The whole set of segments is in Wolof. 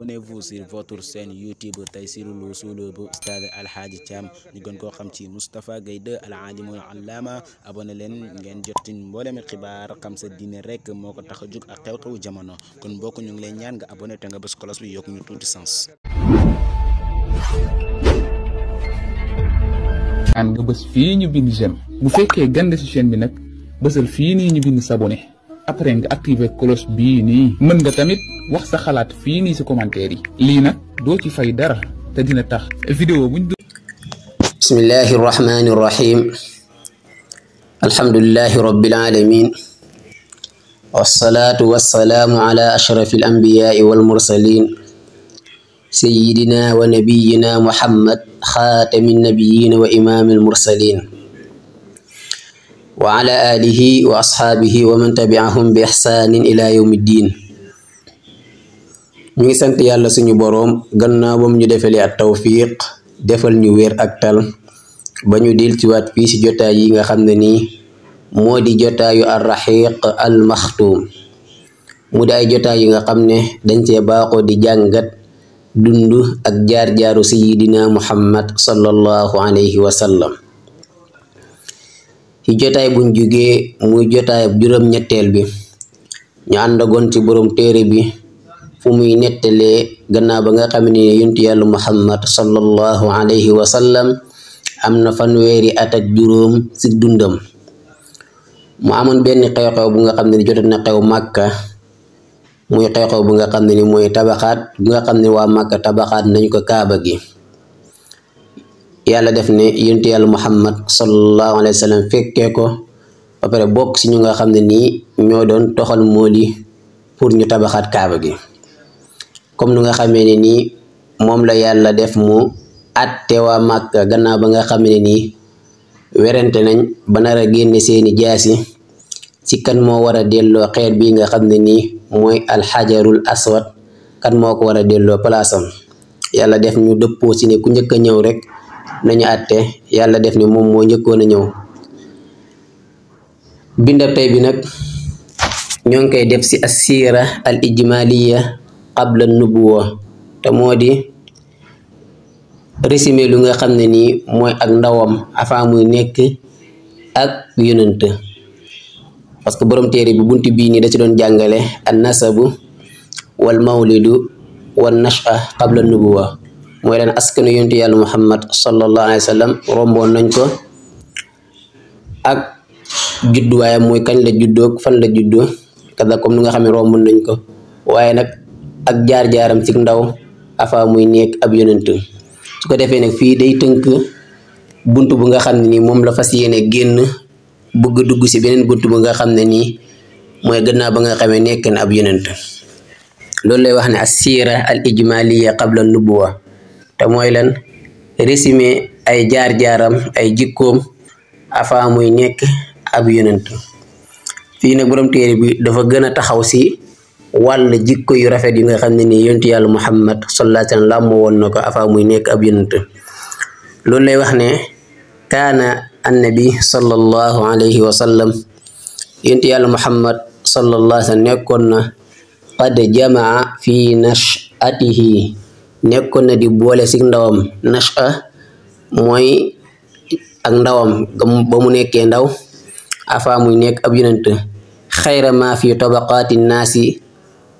Abonnez-vous sur votre chaîne YouTube Taysiroul Wousoul bu Al Hadji Cham ñu gën ko xam ci Mustapha Gaydé Al 2 al allama abonné len ngeen mbolé mi xibaar xam sa diine rek moko tax juk ak xew xew jamono kon mbokk ñu ngi lay ñaan nga abonné te nga bëss cloche bi yok ñu tuuti sens an nga bëss fi ñu bind jëm bu fekkee gande ci chaîne bi nak bëssal fi ñu bind s'abonner après nga activer cloche bi ni meun nga tamit wax sa xalat fi ni ci commentaire yi li nak do ci fay dara te dina tax vidéo buñ do bismillahir rahmanir rahim alhamdulillahi rabbil alamin والصلاة والسلام على أشرف الأنبياء والمرسلين سيدنا ونبينا محمد خاتم النبيين وإمام المرسلين وعلى آله وأصحابه ومن تبعهم بإحسان إلى يوم الدين من سنت يالا سنو بروم غنى بوم نيو التوفيق دفل نيو أكتل بنيو ديل تيوات في سجوتا ييغا خمدني مودي جوتا يو الرحيق المختوم mudda ay jotaay yi nga xam ne dañ cee baaxoo di jàngat dund ak jaar jaaru si yi ci jotaay buñ jugee muy jotaay juróom-ñetteel bi ñu àndagoon ci borom téere bi fu muy nettalee gannaaw ba nga xam ne yonentu yàlla muhammad sallallahu alayhi wa am na fanweeri at ak juróom si dundam mu amoon benn xew-xew bu nga xam ne na xew màkka muy xew bu nga xam ne ni mooy tabaxaat bu nga xam ne waa màkka tabaxaat nañu ko kaaba gi yalla def ne yent yalla muhammad sallallahu Alaihi Wasallam, fekke ko ba pare bok ci ñu nga xamne ni ño doon toxal moli pour ñu tabaxat kaaba gi comme nu nga xamé ni mom la yalla def mu atte wa Màkka ganna ba nga xamé ni nii nañ ba nar a seeni jasi ci kan mo wara a xéet bi nga xamné ni moy al hajarul aswad kan moko ko dello a am yalla def ñu dëppoo ci ne ku ñëk rek nañu ate yàlla def ni moom moo njëkkoon a ñëw bindab tey bi nag ñoo ngi koy def ci assiira al ijmaliya qabla nubuwa te moo di résumé lu nga xam ne nii mooy ak ndawam avant muy nekk ak yonent parce que borom téere bi bunt bii nii da ci doon jàngale an nasabu wal mawlidu wan nasha qabla nubuwa moy len askanu yontu yalla muhammad sallallahu alaihi wasallam sallam romboon nañ ko ak waye moy kañ la le fan la juddo kada kom ni nga xam ne nañ ko waye nak ak jaar-jaaram ci ndaw afa muy nek ab yonent su ko defé nak fi day teunk buntu bu nga xam ni mom la fas bëgg dugg ci benen buntu bu nga xam ni moy mooy ba nga xamé nek na ab yonent lolou lay wax ni as siira al ijmaliyya qabla an-nubuwah te mooy lan résumé ay jaar-jaaram ay jikkoom afa muy nekk ab yonent fii nag borom téere bi dafa gën a taxaw si wàll jikko yu rafet yi nga xam ne ni yonentu yàlla Muhammad sallallahu alayhi wa sallam muy nekk ab yonent loolu lay wax ne kaana annabi sallallahu alayhi wa sallam yonentu yàlla Muhammad sallallahu alayhi wa sallam nekkoon na qad jamaa fi nashatihi nekkoon na di boole si ndawam nasha mooy ak ndawam ba mu nekkee ndaw afa muy nekk ab yonent xayra ma fi tabaqaati naasi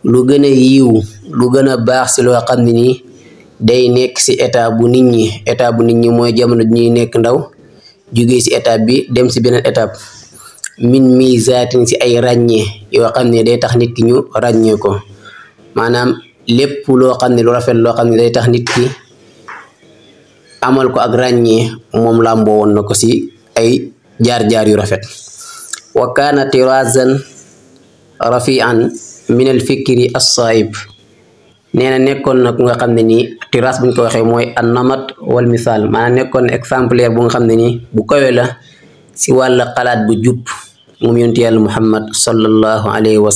lu gën yiw lu gën a baax si loo xam ne nii day nekk si état bu nit ñi état bu nit ñi mooy jamono ji ñuy nekk ndaw jógee si étape bi dem si beneen étape min misaatin si ay ràññee yoo xam ne day tax nit ki ñu ràññee ko maanaam lépp loo xam ne lu rafet loo xam ne day tax nit ki amal ko ak ràññee moom làmboo woon na ko si ay jaar-jaar yu rafet wa kaana tirazan rafian min al fikri assaib nee na nekkoon na ku nga xam ne nii tiras buñ ko waxee mooy an namat wal misaal maanaam nekkoon na exemplaire bu nga xam ne nii bu kawe la si wàll xalaat bu jub moom yonti yàlla muhammad sallallahu alayhi wa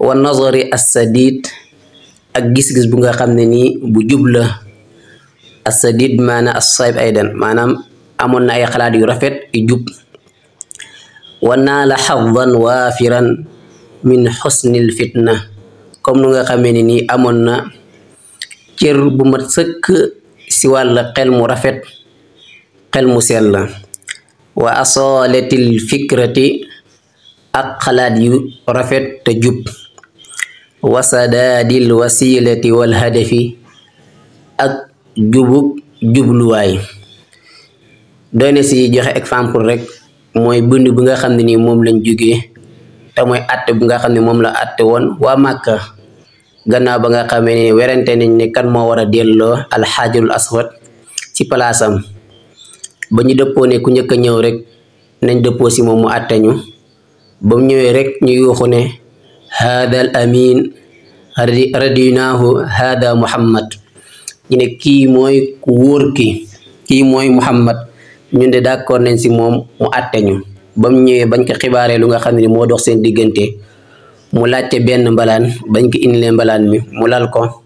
wa nazari assadid ak gis-gis bu nga xam ne nii bu jub la assadid maanaam asayib aydan maanaam amoon na ay xalaat yu rafet yu jub waa naala xadan waafiran min xusnil fitna comme nu nga xamee ne nii amoon na cër bu mat sëkk si wàll xel mu rafet xel mu sell la wa asolatil fikrati ak xalaat yu rafet te jub wa sadaadil wasilati wal hadafi ak jubub jubluwaay doone na si joxe exemple rek mooy bind bi nga xam ne nii moom lañ jógee te mooy àtte bi nga xam ne moom la atte woon waa Màkka gannaaw ba nga xamee ne werante nañ ne kan moo war a delloo alxaajarul aswad ci palaasam ba ñu dëppoo ne ku njëkk a ñëw rek nañ dëppoo si moom mu àtte ñu ba mu ñëwee rek ñu yuuxu ne hada al amin radinaahu hada muhammad ñu ne kii mooy ku wóor ki kii mooy muhammad ñu de d'accord nañ si moom mu àtte ñu ba ñëwee bañ ko xibaaree lu nga xam ne moo dox seen diggante mu laajte benn mbalaan bañ ko indilee mbalaan mi mu lal ko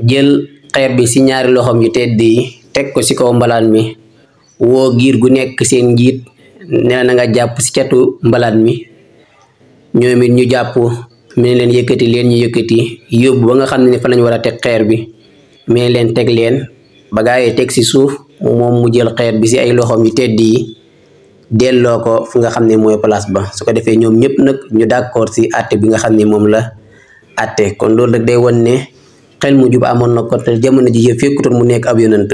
jël xeeb bi si ñaari loxoom yu tedd yi teg ko si kaw mbalaan mi woo giir gu nekk seen njiit nee na nga jàpp si catu mbalaan mi ñoom it ñu jàpp mën leen yëkkati leen ñu yëkkati yóbbu ba nga xam ne fa lañ war a teg xeer bi mën leen teg leen ba yi teg si suuf moom mu jël xeer bi si ay loxoom yu tedd yi delloo ko fu nga xam ne mooy place ba su ko defee ñoom ñëpp nag ñu d'accord si àtte bi nga xam ne moom la àtte kon loolu nag day wan ne xel mu jub amoon na ko te jamono ji yëpp mu nekk ab yonant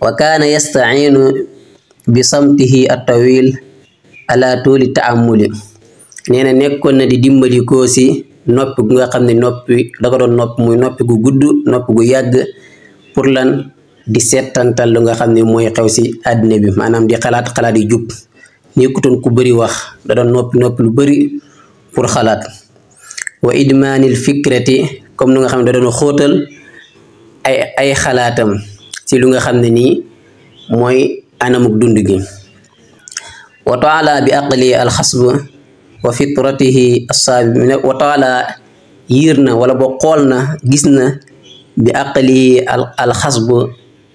wa kaana yastaciinu bi samtihi attawil ala tuuli taamuli neena nekkon na di dimbali koosi nopp gu nga xamni nopp da ko don nopp muy nopp gu gudd nopp gu yagg pour lan di setantal lu nga xamni moy xew si adne bi manam di xalat xalat di jup nekutun ku beuri wax da don nopp nopp lu beuri pour xalat wa idmanil fikrati comme nga xamni da don xotal ay ay xalatam ci lu nga xamni ni moy anamuk dundu gi wa taala bi aqli alxasb wa fitratihi assaabi mu ne wa taala yiir na wala boo xool na gis na bi aqlihi alxasb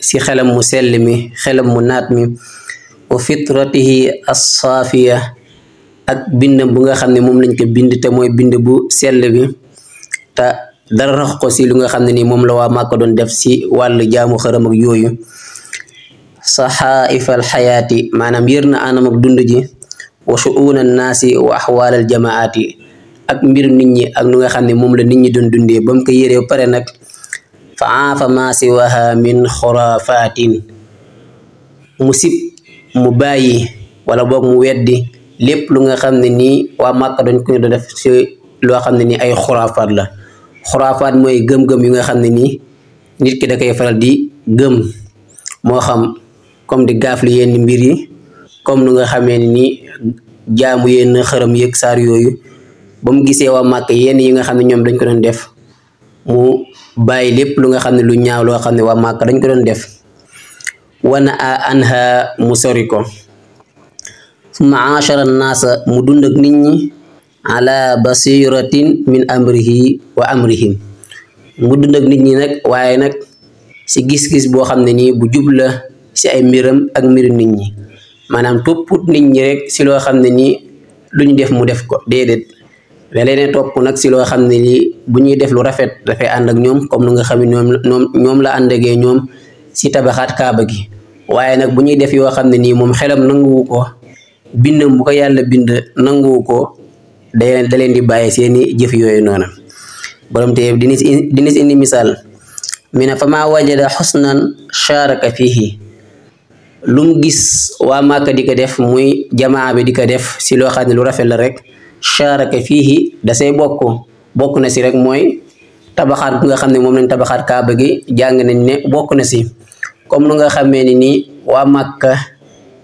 si xelam mu sell mi xelam mu naat mi wa fitratihi assaafiya ak bindam bu nga xam ne moom lañ ko bind mooy bind bu sell bi te dara ko si lu nga xam ne nii moom la waa Màkka doon def si wàllu jaamu xëram ak yooyu saxaaif alxayaati maanaam yër na anam ak dund ji wa shu'uuna naasi wa axwaal al jamaati ak mbir nit ñi ak nu nga xam ne moom la nit ñi doon dundee ba mu ko yéree ba pare nag fa aafa maa siwaha min xurafaatin mu sib mu bàyyi wala boog mu weddi lépp lu nga xam ne nii waa Màkka dañ ko doon def si loo xam ne nii ay xuraafaat la xuraafaat mooy gëm-gëm yu nga xam ne nii nit ki da koy faral di gëm moo xam comme di gaaf lu yenn mbir yi comme lu nga xamee ni jaamu yenn xërëm yëg saar yooyu ba mu gisee waa màkk yenn yi nga xam ne ñoom dañ ko doon def mu bàyyi lépp lu nga xam ne lu ñaaw loo xam ne waa màkk dañ ko doon def wana a anha mu sori ko summa achara naasa mu dund nit ñi ala basiratin min amrihi wa amrihim mu dund nit ñi nag waaye nag si gis-gis boo xam ne nii bu jubla si ay mbiram ak mbir nit ñi maanaam topput nit ñi rek si loo xam ne nii lu ñu def mu def ko déedéet da leen topp nag si loo xam ne lii bu ñuy def lu rafet dafay ànd ak ñoom comme nu nga xam ne ñoom ñoom ñoom la àndagee ñoom si tabaxaat kaaba gi waaye nag bu ñuy def yoo xam ne nii moom xelam nanguwu ko bindam bu ko yàlla bind nanguwu ko da da leen di bàyyi seeni jëf yooyu noonu borom téye dina si dina si indi misaal mi ne fa maa wajada xusnan charaka fihi lu gis waa Màkka di ko def muy jamaa bi di ko def si loo xam ne lu rafet la rek charaka fiihi da say bokk bokk na si rek mooy tabaxaat bu nga xam ne moom lañ tabaxaat kaaba gi jàng nañ ne bokk na si comme lu nga xamee ni nii waa Màkka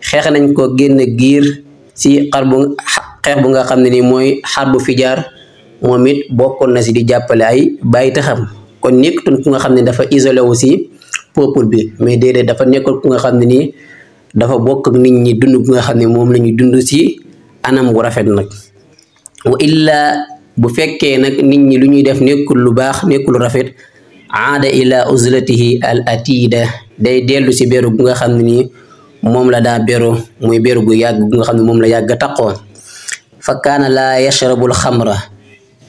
xeex nañ ko génn giir si xar bu xeex bu nga xam ne nii mooy xar bu fijaar moom it bokkoon na si di jàppale ay bàyyi taxam kon nekkutoon ku nga xam ne dafa isolé wu si peuple bi mais déedéet dafa nekkoon ku nga xam ne nii dafa bokk nit ñi dund ku nga xam ne moom la ñu dund si anam wu rafet nag wa illa bu fekkee nag nit ñi lu ñuy def nekkul lu baax nekkul lu rafet aada ila uzlatihi al atida day dellu si beru gu nga xam ne nii moom la daa beroo mooy beru gu yàgg gu nga xam ne moom la yàgg taqoon fa kaana laa yashrabul xamra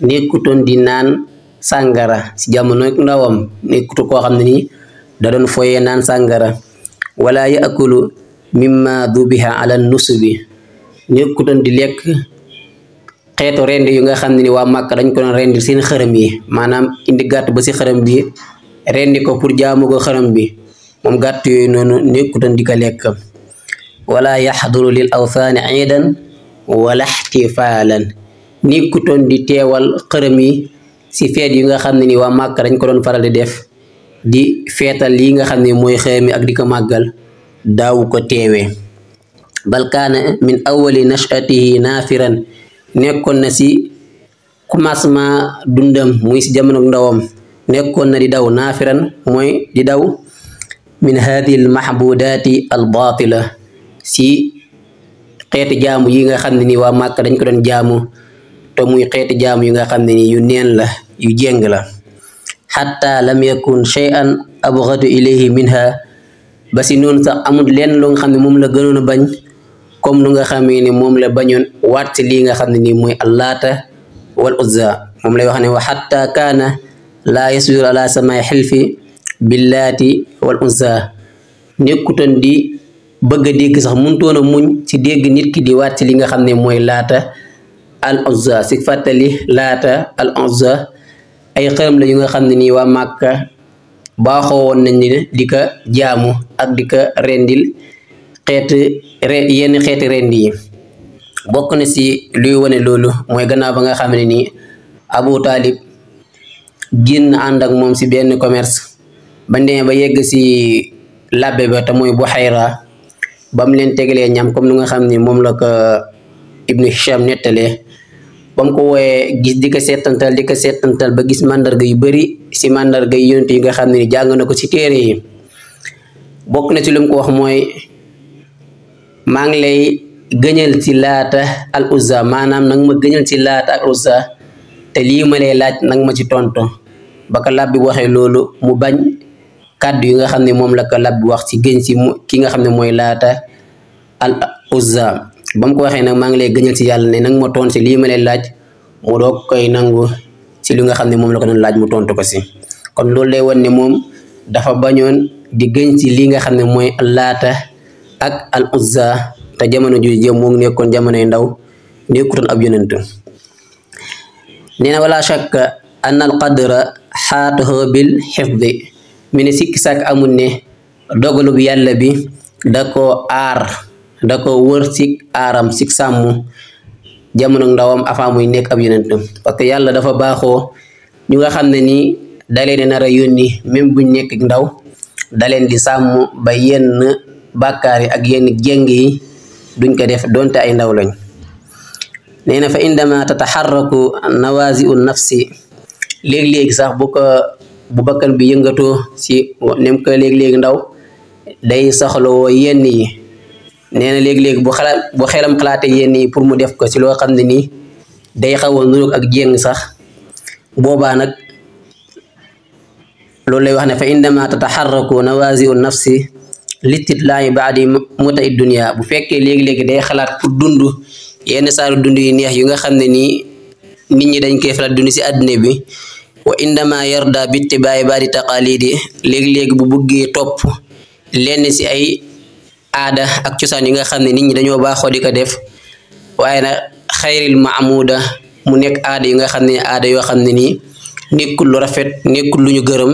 nekkutoon di naan sàngara si jamono ndawam nekkutu koo xam ne nii da doon foyee naan sàngara wala yakulu mimma dubiha ala nusubi nekkutoon di lekk xeetu rendi yu nga xam ne ni waa Màkka dañ ko doon rendi seen xërëm yi maanaam indi gàtt ba si xërëm bi rendi ko pour jaamu ko xërëm bi moom gàtt yooyu noonu nekkutoon di ko lekk wala yaxduru lil awsaani iidan wala ixtifaalan nekkutoon di teewal xërëm yi si feet yu nga xam ne ni waa Màkka dañ ko doon faral di def di feetal yii nga xam ni mooy xëy mi ak diko ko màggal daawu ko teewee balkaana kaana min awali nachatihi naafiran nekkoon na si commencement dundam muy si jamono ndawam nekkoon na di daw naafiran mooy di daw min hadihi almahbudaati al baatila si xeeti jaamu yi nga xam ne ni waa Màkka dañ ko doon jaamu te muy xeeti jaamu yi nga xam ne ni yu neen la yu jéng la xatta lam yakun shay'an abghadu ilayhi minha ba si noonu sax amul lenn lu nga xam ne moom la gënoon a bañ comme lu nga xam ni moom la bañoon waat ci lii nga xam ne nii mooy allaata wal uzza moom lay wax ne wa xatta samay xilfi billaati wal uzza nekkutoon di bëgg a dégg sax mënutoon muñ ci dégg nit ki di waat ci li nga xam ne mooy laata al uzza si fàttali laata al uzza ay xërëm la yu nga xam ne nii waa Màkka baaxoo woon nañ ne di ko jaamu ak di ko rendil xeeti yenn xeeti rendi yi bokk na si luy wane loolu mooy gannaaw ba nga xam ne nii Abu Taalib génn ànd ak moom si benn commerce ba ndee ba yegg si labbe ba te mooy Buhayra ba mu leen tegalee ñam comme lu nga xam ni moom la ko Ibnu Hisham nettalee ba mu ko wooyee gis di ko seetantal di ko seetantal ba gis màndarga yu bari si màndarga yu yonent yi nga xam ne ni jàng na ko si téere yi bokk na ci lu ko wax mooy maa ngi lay gëñal ci laata al uzza maanaam nag ma gëñal ci laata al uzza te lii ma lay laaj nag ma ci tontu ba ko lab bi waxee loolu mu bañ kàddu yi nga xam ne moom la ko lab bi wax ci gëñ ci ki nga xam ne mooy laata al uzza ba ko waxee nag maa ngi lay gëñal si yàlla ne nag ma toon lii ma lay laaj mu doog koy nangu si li nga xam ne moom la ko doon laaj mu tontu ko si kon loolu lay wan ne moom dafa bañoon di gëñ si lii nga xam ne mooy laata ak al uzza te jamono ju jëm mu ngi nekkoon jamonoy ndaw nekkutoon ab yonent nee na wala shakka an al qadra xaatahu bil xifdi mi ne sikki sàkk amul ne dogalub yàlla bi da koo aar da ko wër si aaram si sàmm jamono ndawam avant muy nekk ab yonentam parce que yàlla dafa baaxoo ñu nga xam ne nii da leen di nar a yónni même buñ nekk ndaw da leen di sàmm ba yenn bàkkaar ak yenn jéng yi duñ ko def donte ay ndaw lañ nee na fa indama tataxarraku nawaasi u nafsi léegi-léegi sax bu ko bu bi yëngatoo si nem ko léegi-léegi ndaw day soxlawoo yenn yi nee na léegi-léegi bu xalaat bu xelam xalaate yenn yi pour mu def ko si loo xam ne nii day xaw a nuróog ak jéng sax boobaa nag loolu lay wax ne fa indama tataxarraku nawaziu nafsi listitlaayi baadi muta i dunia bu fekkee léegi-léegi day xalaat pour dund yenn saaru dund yu neex yu nga xam ne nii nit ñi dañ koy faral dund si àddina bi wa indama yarda bitti bàyyi baadi taqalidi léegi-léegi bu buggee topp lenn si ay aada ak cosaan yi kan, nga xam ne nit ñi dañoo baaxoo di ko def waaye nag xayril maamuda mu nekk aada yi nga xam ne aada yoo xam ne nii nekkul lu rafet nekkul lu ñu gërëm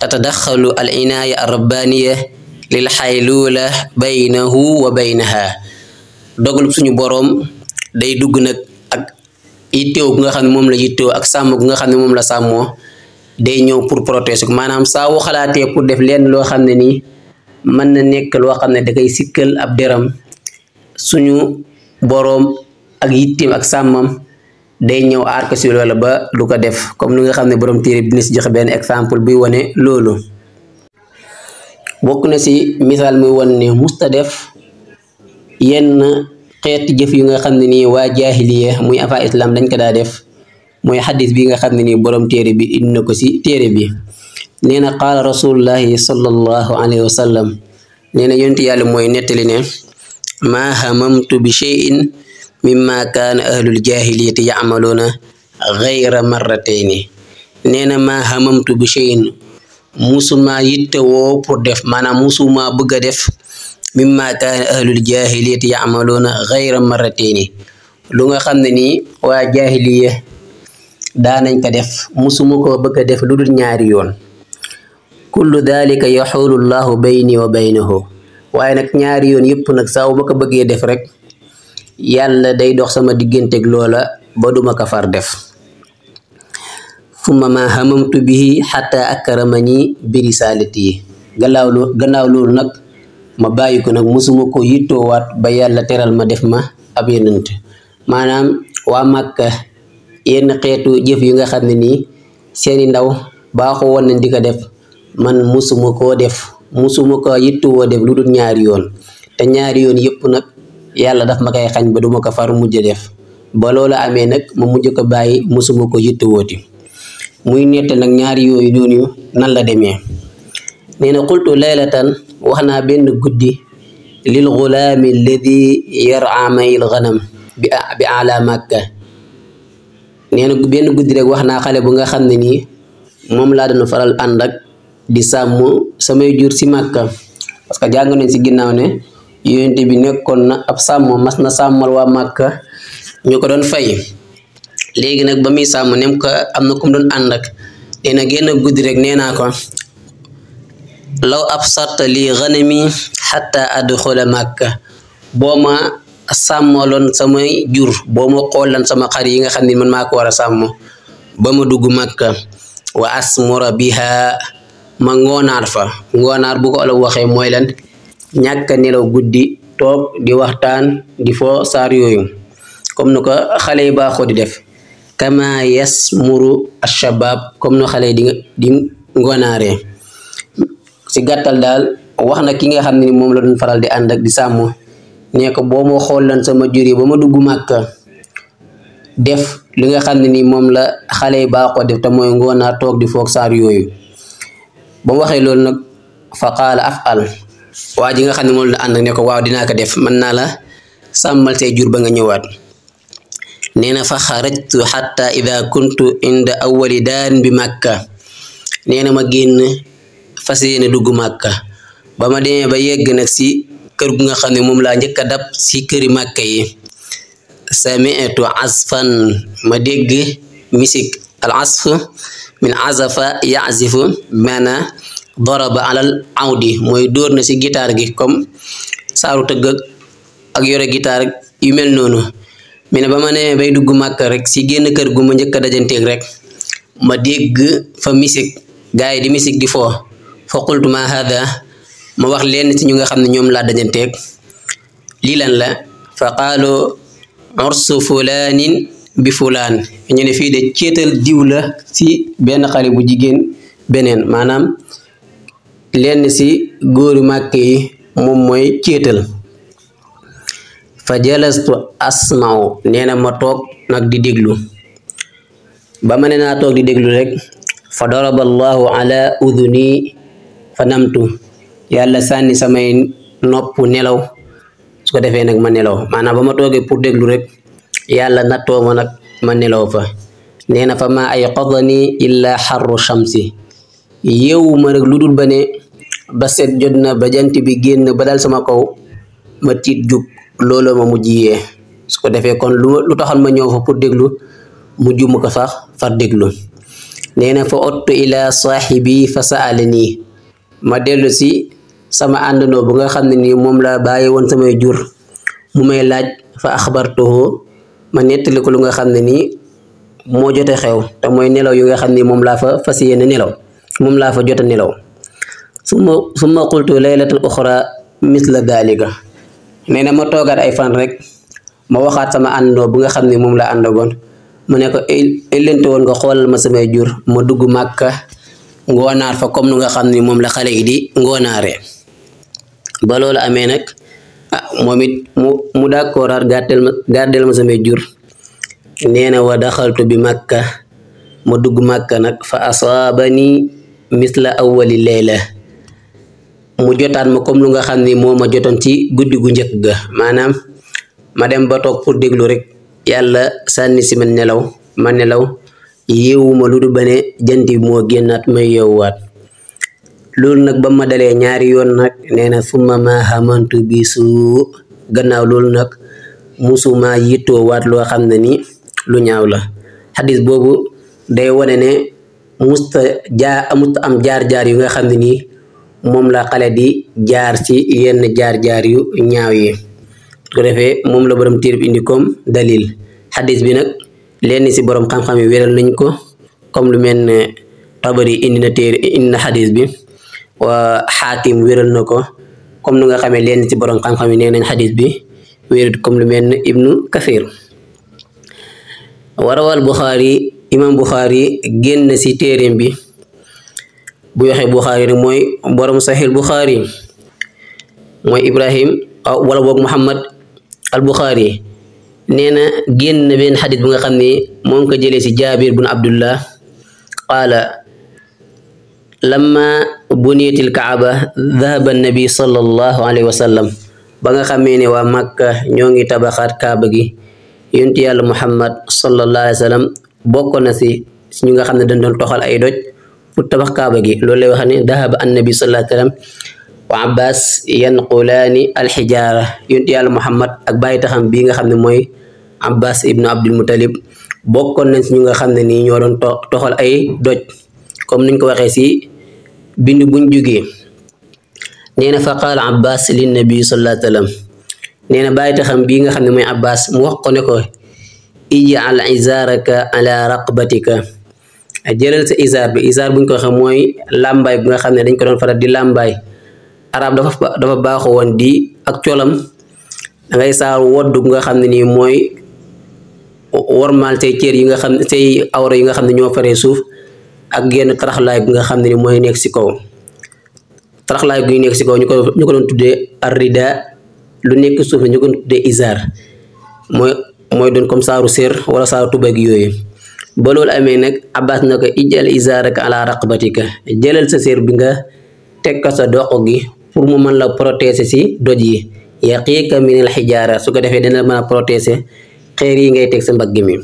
tatadaxalu al inaaya ar rabbaniya lil xayluula baynahu wa baynaha dogal suñu borom day dugg nag ak itteew gu nga xam ne moom la yittewoo ak sàmm gu nga xam ne moom la sàmmoo day ñëw pour protéger ko maanaam saa woo xalaatee pour def lenn loo xam ne nii mën na nekk loo xam ne da koy sikkal ab deram suñu boroom ak yittim ak sàmmam day ñëw aar ko si ba du ko def comme ni nga xam ne borom téere bi dina si joxe benn exemple buy wane loolu bokk na si misaal muy wan musta def yenn xeeti jëf yu nga xam ne nii waa jaahiliya muy afa islam dañ ko daa def mooy xadis bi nga xam ne nii borom téere bi indi na ko si téere bi nena na qaala rasulullahi sallallahu alayhi wa sallam nee na yonent yàlla mooy nettali ne maa hamamtu bi cheyin mimma kaana ahlul jahiliyati na maa hamamtu bi cheyin musuma yitte woo pour def maanaam musuma bëgg a def mimma kaana ahlul jahiliyati yacmaluuna gayra marratayni lu nga xam ne ni waa jahiliya nañ ko def musuma ko bëgg def lu dul ñaari yoon kullu daalika yaxuulu llahu bayni wa baynahu waaye nag ñaari yoon yëpp nag saa wu ma ko bëggee def rek yàlla day dox sama digganteeg loola ba duma ko far def fu ma hamamtu bihi xata akramani bi risalati yi gannaaw loolu loolu nag ma bàyyi ko nag mosuma ko yittoowaat ba yàlla teral ma def ma ab yonent maanaam waa Màkka yenn xeetu jëf yu nga xam ne nii seeni ndaw baaxoo woon nañ di def man musuma koo def musuma ko yittuwoo def lu dul ñaari yoon te ñaari yoon yëpp nag yàlla daf ma koy xañ ba duma ko far mujj def ba loolu amee nag ma mujj ko bàyyi musuma ko yittuwooti muy nett nag ñaari yooyu noonu nan la demee nee na xultu laylatan wax naa benn guddi lil gulaami alladi yaraa mayil ganam bi bi ala makka benn guddi rek wax naa xale bu nga xam ne nii moom laa doon faral ànd ak di sammu samay jur si makka parce que jang nañ si ginnaw ne yoonte bi nekkon na ab sammu masna na wa makka ñuko don fay legi nak bamuy muy nem ko amna kum don andak dina nee na guddi rek neena ko law absarta li ghanimi hatta adkhul makka boma sàmmaloon samay jur boma ma sama xar yi nga xamni man mako wara war bama duggu makka wa asmura biha ma ngonar fa ngonar bu ko la waxe moy lan ñàkk nelaw guddi tok di waxtaan di fo sar yoyu comme nuko xale ba baaxoo di def kama yasmuru ashabab comme no xale di di ngonaaree ci gàttal dal waxna ki nga xamni mom la doon faral di and ak di sammu ne ko mo xol lan sama juri ba ma duggu makka def li nga xamni mom la xale ba baaxoo def ta moy ngonar tok di fo sar yoyu ba waxe lol nak fa qala afal waa nga xamne ne la and ne ko waw dina ko def man na la samal tay jur ba nga ñewat neena fa kharajtu hatta idha kuntu inda awwali dan bi makka neena na ma genn fasiyene duggu dugg bama de ba yegg nak si keur gu nga xamne mom la laa dab si keuri màkka yi samitu asfan ma dégg misik al asf min azafa yazifu maana daraba alal awdi mooy dóor na ci gitaar gi comme saaru tëgg ak yore gitaar yu mel noonu mi ne ba ma nee bay dugg màkk rek si génn kër gu ma njëkk a dajanteeg rek ma dégg fa misik gaay di misik di foo fa qultu ma hada ma wax leen ci ñu nga xam ne ñoom laa dajanteeg lii lan la fa qaalu ursu fulaanin bi fulan ñu ne fi de cietal diw la si ben xali bu jigen benen manam lenn si goru màkk mom moy cietal fajalastu asma'u neena ma tok nak di deglu ba ma ne tok di deglu rek fa daraballahu ala udhuni fanamtu. yalla sanni samay nopp nelaw su ko defé nak ma nelaw manam bama toge pour deglu rek yàlla nattoo ma nag ma nelaw fa nee na fa ma ay qadani illa xarru shamsi yeewu ma rek lu dul ba ne ba set jot na ba jant bi génn ba dal sama kaw ma tiit jug looloo ma mujj yee su ko defee kon lu lu ma ñëw fa pour déglu mujj ma ko sax far déglu nee fa ottu ila saaxibi fa saalani ma dellu si sama àndandoo bu nga xam ne nii moom laa bàyyi woon samay jur mu may laaj fa axbartuhu ma nettali ko lu nga xam ni mo jotté xew te moy nelaw yu nga xam mom la fa fasiyene nelaw mom la fa jotté nelaw summa summa qultu laylatul ukhra misla dalika neena ma togat ay fan rek ma waxat sama ando bu nga xam mom la andagon mu ne ko elent eh, eh, won nga xoolal ma samay jur ma dugg makka ngonar fa comme nga mom la xale yi di ngonaré ba lolou amé nak momit mu d'accord ar gatel gardel ma sama jur neena na wa dakhaltu bi makka ma dug makka nak fa asabani misla awwali layla mu jotan ma comme lu nga xamni ni moo ci guddi gu njëkk ga manam ma dem ba tok pour deglu rek yalla sanni si man nelaw man nelaw yewuma lu du bane jant bi moo may loolu nag bam ma dalee ñaari yoon nag nee na summa ma xamantu bi su gannaaw loolu nag musuma yittoo waat loo xam ne ni lu ñaaw la xadis boobu day wane ne musta jaar amusta am jaar-jaar yu nga xam ne nii moom la xale di jaar ci yenn jaar-jaar yu ñaaw yi su ko defee moom la borom tiir bi indi comme dalil xadis bi nag lenn ci borom xam-xam yi wéral nañ ko comme lu mel ne tabari indi na téere indi na xadis bi xaatim wéral na ko comme nu nga xamee lenn ci borom xam-xam yi nee nañ xadis bi wérit comme lu mel ne ibnu kafir warawal buxaari imam buxaari génn si téeréem bi bu waxee buxaari rek mooy borom saxiix buxaari mooy ibrahim ah, wala boog muhammad al buxaari na génn benn xadis bu nga xam ne moo ngi ko jëlee si jaabir bun abdullah qaala Lama til Ka'bah, dhahaba nabi sallallahu Alaihi Wasallam. Banga ba nga xamé ni wa Makkah ñoo ngi tabaxat Ka'ba gi yonti yalla muhammad sallallahu Alaihi Wasallam bokko na ci ñu nga xamné dañ doon toxal ay doj bu tabax Ka'ba gi loolu lay wax ne dhahaba nabi sallallahu Alaihi Wasallam. wa abbas al-hijara yalla muhammad ak baye taxam bi nga xamné moy abbas ibnu abdul mutalib bokko na ci ñu nga xamné ni ñoo doon toxal ay doj comme niñ ko si bind buñ jógee nee na fa qaala abbas lin nabi sallallahu alayhi wa na bàyyi taxam bii nga xam ne mooy abbas mu wax ko ne ko ijal izaaraka ala raqbatika jëlal sa izaar bi izaar buñ ko xam mooy làmbaay bu nga xam ne dañ ko doon faral di làmbaay arab dafa baaxoo woon di ak colam da ngay saar wodd bu nga xam ne nii mooy wormaal say cër yi nga xam say awra yi nga xam ne ñoo faree suuf ak genn lay bi nga xamni ne ni mooy nekk ci kaw lay gi nekk ci kaw ñuko ñuko don tuddé arida lu nekk suuf ñuko tuddé izar moy moy don comme saaru ser wala saaru tuba gi yoy ba lol amé nak abbas nako ko ijal ala raqbatika jëlal sa ser bi nga tek ko sa doxo gi pour mu man la protéger si doj yi yaqika min al Suka su ko defé dina mën protéger xéer yi ngay tek sa gi mi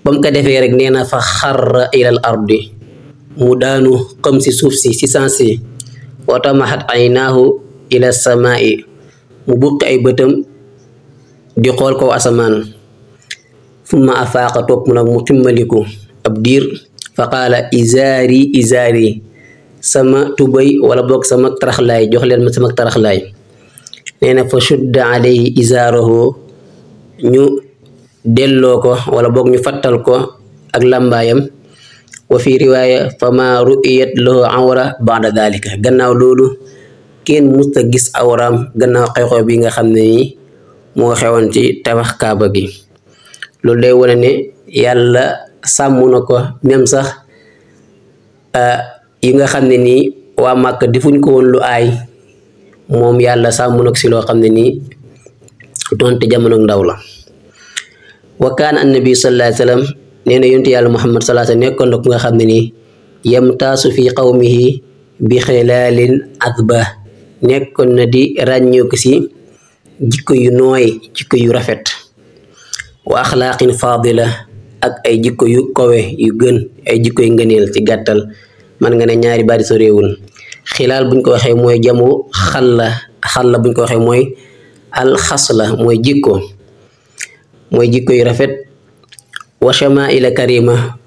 ba mu ko defee rek nee na fa xarra ilal ardi mu daanu xam si suuf si si sansi wa tamahat aynaahu ila samaa'i mu buqi ay bëtam di xool kow asamaan summa afaaqa topp mu nag mu ximmaliku ab diir fa qaala izaari izaari sama tubay wala boog sama taraxlaay jox leen ma sama taraxlaay nee fa shudda alayhi izaarahu ñu delloo ko wala bok ñu fatal ko ak lambayam wa fi riwaya fama ru'iyat lo awra ba'da dhalika gannaaw lolu kenn musta gis awram gannaaw xey xoy bi nga xamne ni mo xewon ci tabakh kaaba gi lolu day wone ne yalla sammu nako même sax yi nga xamne ni wa difuñ ko won lu ay mom yalla sammu nako ci si xamne ni donte jamono ndaw wa kaana annabi sallallahu alayhi wa sallam nee na yonent yàlla Muhammad sallallahu alayhi wa sallam nekkoon ku nga xam ne nii taasu fi qawmihi bi xilaalin adba nekkoon na di ràññoo si jikko yu nooy jikko yu rafet wa axlaaqin faadila ak ay jikko yu kowe yu gën ay jikko yu ngëneel ci gàttal man nga ne ñaari baati so réewul xilaal buñ ko waxee mooy jamu xalla xalla buñ ko waxee mooy la mooy jikko moy jikko yu rafet wa shama'il karima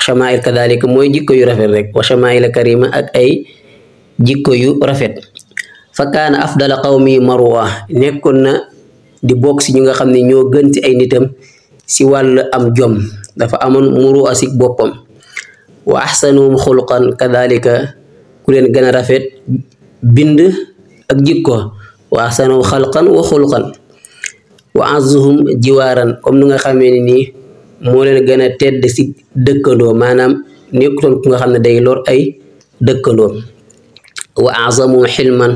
shamail kadalik moy jikko yu rafet rek wa shama'il karima ak ay jikko yu rafet fa kana afdal qawmi marwa nekkon na di bok ci nga xamni ño gën ci ay nitam ci walu am jom dafa amun muru asik bopam wa ahsanuhum khulqan kadalika ku len gëna rafet bind ak jikko wa ahsanu khalqan wa khulqan wa azuhum jiwaaran comme ni nga xamee ne nii moo leen gën a tedd si dëkkandoo maanaam nekkutoon ku nga xam ne day lor ay dëkkandoo wa azamu xilman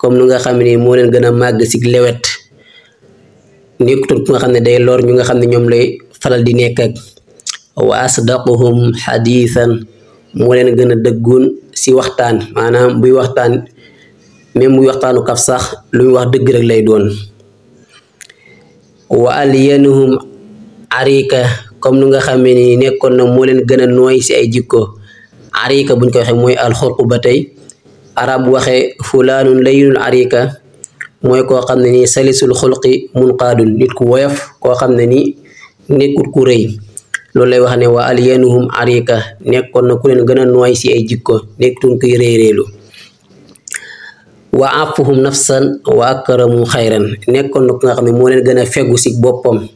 comme ni nga xam ne moo leen gën a màgg si lewet ku nga xam ne day lor ñu nga xam ne ñoom lay faral di nekk ak wa asdaquhum xadiisan moo leen gën a dëggoon si waxtaan maanaam buy waxtaan même buy waxtaanu kaf sax luy wax dëgg rek lay doon wa alyanuhum arika comme nu nga xamee nii nekkoon na moo leen gën a nooy si ay jikko arika buñ ko waxee mooy alxurqu ba tey arab waxee fulaanun layyinul arika mooy koo xam ne nii salisul xulqi munqaadun nit ku woyof koo xam ne nii nekkut ku rëy loolu lay wax ne wa alyanuhum arika nekkoon na ku leen gën a nooy si ay jikko nekkutun kuy réy réylu wa afuhum nafsan wa akramu khairan nekkon nak nga xamne mo len gëna fegu ci bopam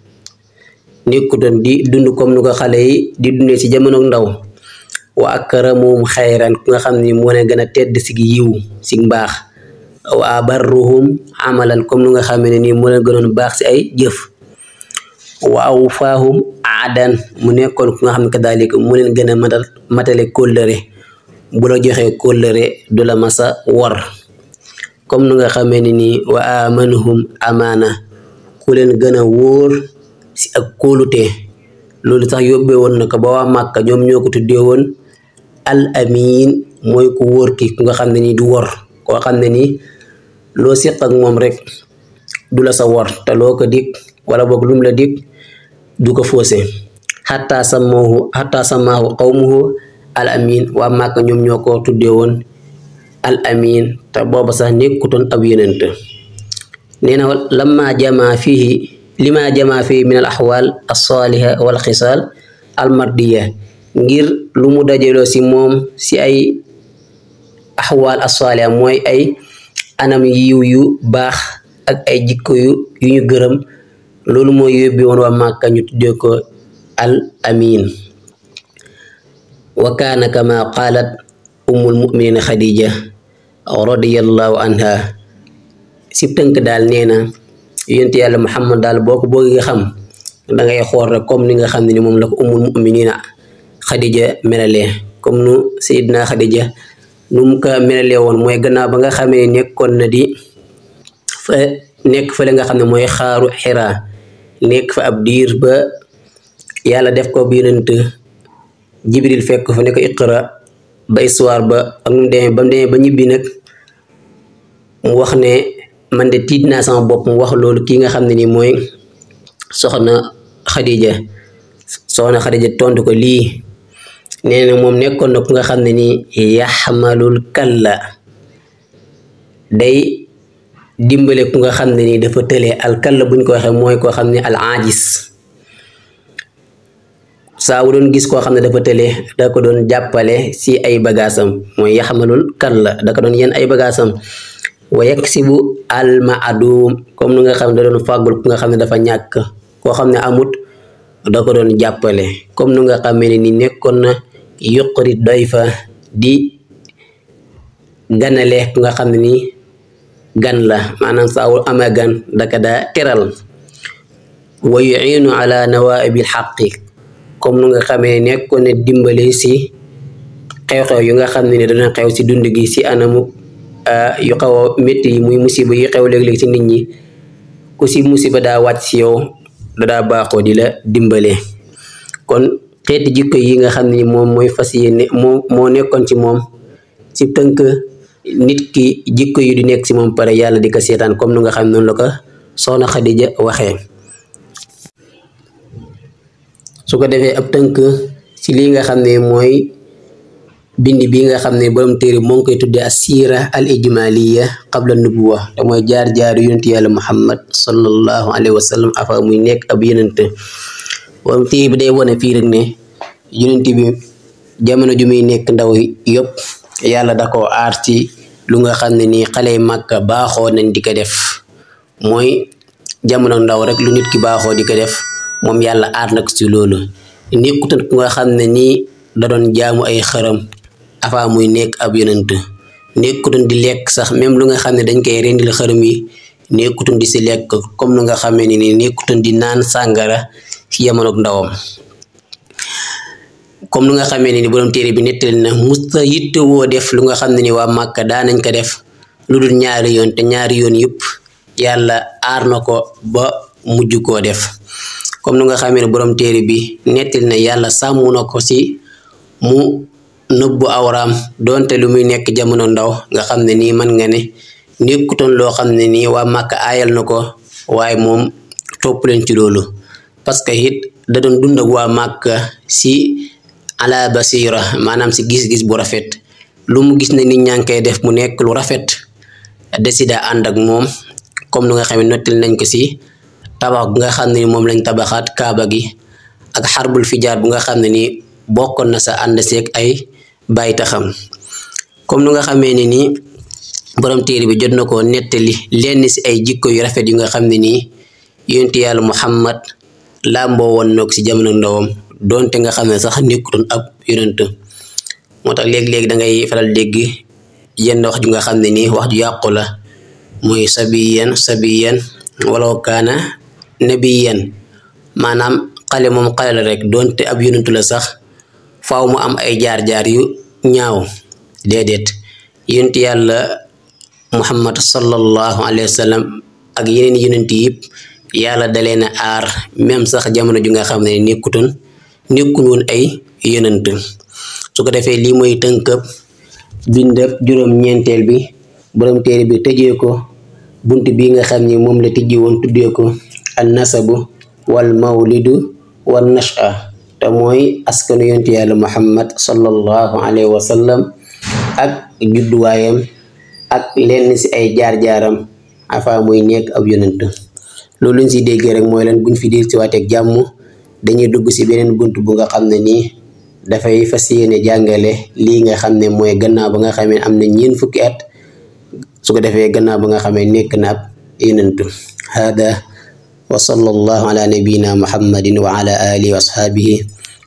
nekku don di dund kom nuko xalé yi di dundé ci jamono ndaw wa akramu khairan nga xamne mo len gëna tedd ci yiwu ci mbax wa barruhum amalan kom nga xamne ni mo len gënon bax ci ay jëf wa awfahum adan mu nekkon ko nga xamne kadalik mo len gëna matal matalé kolere bu la joxé kolere dula massa war comme nu nga xamee ne nii wa amanuhum amaana ku leen gën a wóor si ak kóolute loolu sax yóbbee woon na ko ba waa Màkka ñoom ñoo ko tuddee woon al amin mooy ku wóor ki ku nga xam ne nii du wor koo xam ne nii loo séq ak moom rek du la sa wor te loo ko dig wala boog lum la dig du ko fóose xataa samaahu xataa samaahu qawmuhu al amin waa Màkka ñoom ñoo ko tuddee woon al amin te booba sax nekkutoon ab yonent nee na lamma jamaa fihi lima jamaa fihi min al axwaal alsaaliha wal xisaal almardiya ngir lu mu dajaloo si moom si ay axwaal alsaaliha mooy ay anam yiw yu baax ak ay jikko yu yu ñu gërëm loolu mooy yóbbi woon waa Màkka ñu tuddee ko al amin wa kaana kama qaalat ummul mu'minin Khadija radiyallahu anha si tënk daal nee na yonent yàlla Muhammad daal boo ko bëggee xam da ngay xool rek comme ni nga xam ne ni moom la ko ummul mu'minin Khadija melalee comme nu Seydina na nu mu ko melalee woon mooy gannaaw ba nga xamee nekkoon na di fa nekk fa la nga xam ne mooy xaaru Hira nekk fa ab diir ba yàlla def ko bu yonent fekk fa ne ko ba histoire ba ak mu demee ba mu demee ba ñibbi nag mu wax ne man de tiit naa sama bopp mu wax loolu ki nga xam ne ni mooy soxna Khadija soxna Khadija tontu ko lii nee na moom nekkoon na ku nga xam ne ni yaxmalul kalla day dimbale ku nga xam ne ni dafa tëlee al kalla buñ ko waxee mooy koo xam ne al aajis sa wu don gis ko xamne dafa tele da ko don jappale si ay bagasam, mooy yaxmalul kan la da ko don yen ay bagasam wa yaksibu alma adum comme nga xamne da don fagul nga xamne dafa ñak ko xamne amut da ko don jappale comme nga xamne ni nekkon na yuqri dayfa di ganale ku nga xamne ni gan la manam saa wu amee gan da ka da teral wa yuinu ala nawa'ibil haqqi comme nu nga xamee nekkoon ne dimbale si xew-xew yu nga xam ne ne dana xew si dund gi si anamu yu xaw a métti yi muy musiba yi xew léeg-léeg si nit ñi ku si musiba daa wàcc si yow dadaa baaxoo di la dimbale kon xeeti jikko yi nga xam ne moom mooy fas yéene moo moo nekkoon ci moom si tënk nit ki jikko yi di nekk si moom pare yàlla di ko seetaan comme nu nga xam noonu la ko soxna Xadija waxee su ko defee ab tënk ci lii nga xam ne mooy bind bi nga xam ne borom téere moo ngi koy tuddee as-siira al ijmaliya qabla nubuwa mooy jaar-jaar yonent yàlla muhammad sallallahu alayhi wa sallam nekk ab yonent borom day wane fii rek ne jamono ju muy nekk ndaw yëpp yàlla da koo aar ci lu nga xam ne nii xale màkka baaxoo nañ di ko def mooy jamono ndaw rek lu nit ki baaxoo di ko def moom yàlla aar na ko ci loolu nekkutoon ku nga xam ne nii da doon jaamu ay xërëm avant muy nekk ab yonent nekkutoon di lekk sax même lu nga xam ne dañ koy rendil xërëm yi nekkutoon di si lekk comme lu nga xamee ne nii nekkutoon di naan sàngara ci jamonoog ndawam comme lu nga xamee ne ni borom téere bi nettali na musta yitte woo def lu nga xam ne ni waa Màkka daa nañ ko def lu dul ñaari yoon te ñaari yoon yëpp yàlla aar na ko ba mujj koo def comme nu nga xamee ne borom téere bi nettali na yàlla sàmm na ko si mu nëbbu awraam donte lu muy nekk jamono ndaw nga xam ne nii mën nga ne nekkutoon loo xam ne nii waa màkk aayal na ko waaye moom topp leen ci loolu parce que it da doon dund waa màkk si ala basira maanaam si gis-gis bu rafet lu mu gis ne nit ñaa ngi koy def mu nekk lu rafet décida ànd ak moom comme nu nga xam ne nettali nañ ko si tabax bu nga xam ne ni moom lañ tabaxaat kaaba gi ak xarbul fijaar bu nga xam ne nii bokkoon na sa ànd seeg ay bàyyi taxam comme nu nga xamee ne nii borom téere bi jot na koo nettali lenn si ay jikko yu rafet yu nga xam ne nii yonent yàlla Muhammad làmboo woon na ko si jamono ndawam doonte nga xam sax nekkutoon ab yonent moo tax léeg-léeg da ngay faral dégg yenn wax ju nga xam ne nii wax ju yàqu la muy sabiyan sabiyan walaw kaana nabiyan maanaam xale moom xale la rek donte ab yonentu la sax faaw mu am ay jaar-jaar yu ñaaw déedéet yonent yàlla muhammad sallallahu alayhi wa sallam ak yeneen yonent yëpp yàlla dalee na aar même sax jamono ju nga xam ne nekkutoon nekkuñ ay yonent su ko defee lii mooy tënkëb bindab juróom-ñeenteel bi borom téere bi tëjee ko bunt bi nga xam ni moom la tijji woon tuddee ko an nasabu wal mawlidu wal nasha te mooy askanu yontu yàlla muhammad sallallahu alayhi wa ak judduwaayam ak lenn si ay jaar-jaaram afa muy nekk ab yonent loolu ñu si déggee rek mooy leen buñ fi dir si waateeg jàmm dañuy dugg si beneen bunt bu nga xam ne nii dafay fas yéene jàngale lii nga xam ne mooy gannaaw ba nga xamee am na ñeen fukki at su ko defee gannaaw ba nga xamee nekk na ab yonent وصلى الله على نبينا محمد وعلى آله وأصحابه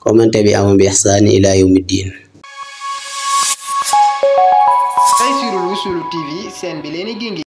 ومن تبعهم بإحسان إلى يوم الدين